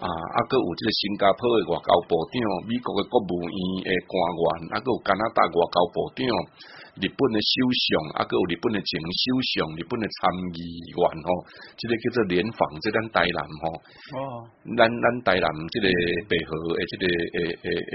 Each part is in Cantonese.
啊，啊，佮有即個新加坡嘅外交部長，美國嘅國務院嘅官員，啊，佮有加拿大外交部長，日本嘅首相，啊，佮有日本嘅前首相，日本嘅參議員吼，即、這個叫做聯防即、這個台南吼，哦，咱咱台南即個白河誒、這個，即個誒誒誒。欸欸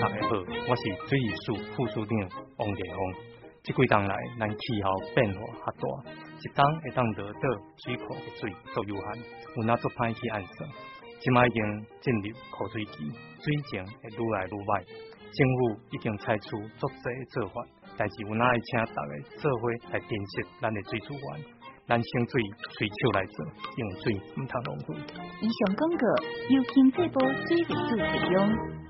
大家好，我是水利署副署長王建峰。即幾天來，咱氣候變化較大，一冬會凍得水庫嘅水都有限，有哪做歹去硬耍。今擺已經進入枯水期，水情會愈來愈壞。政府已經採取足儕做法，但是有哪愛請大家社會來珍惜咱嘅水資源，咱省水隨手來省，用水唔貪浪費。以上廣告由經濟部水利署提供。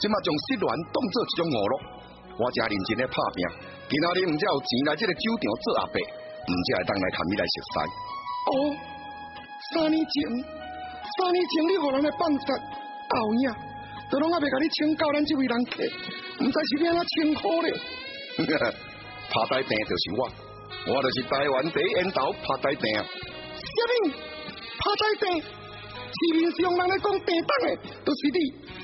即嘛將失戀當做一種娛樂，我家認真來拍拼，今仔日毋知有錢來這個酒店做阿伯，毋知會當來探你來食飯。哦，三年前，三年前你何人來放債？哎呀、啊，都攏猶未甲你請教咱這位人客，毋知是你安怎稱呼咧。拍台釘就是我，我就是台灣第一煙頭，爬台人人在地。什麼？拍台釘？市面上人來講，平當的都是你。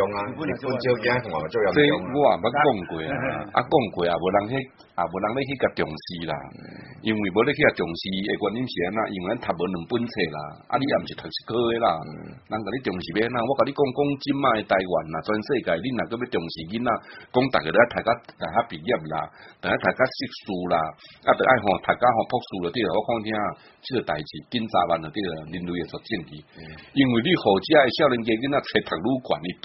用啊！我哋半招嘅，我啊，啊講過啊，人去啊，無、啊嗯啊、人去去甲重視啦。因為無咧去啊重視誒原因是安怎？因為咱讀無兩本冊啦，啊你也毋是讀書科誒啦。人甲你重視要安怎？我甲你講講即賣嘅台灣啊，全世界你若閣要重視囡仔，講逐個家咧，讀家大家畢業啦，大家讀家碩士啦，啊要大家學讀家學博士嗰啲啊，我講聽啊，這個代志幾十萬嗰啲啊，人類誒作證嘅。嗯、因為你何止係少年人囡仔，冊讀愈懸，伊對。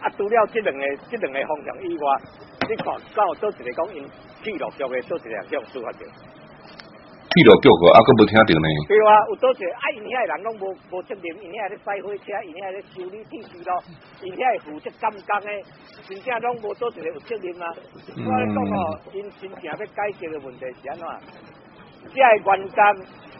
啊，除了這兩個、這兩個方向以外，你看，到多少個講因鐵路局的，多少個這樣事發的，記錄過過，啊，佫冇聽到呢？對哇、啊，有多少啊？因遐的人攏冇冇責任，因遐的開火車，因遐的修理電池咯，因遐負責監工的，真正攏冇多少個有責任啊！嗯、我來講哦，因真正要解決的問題是安怎？即係原因。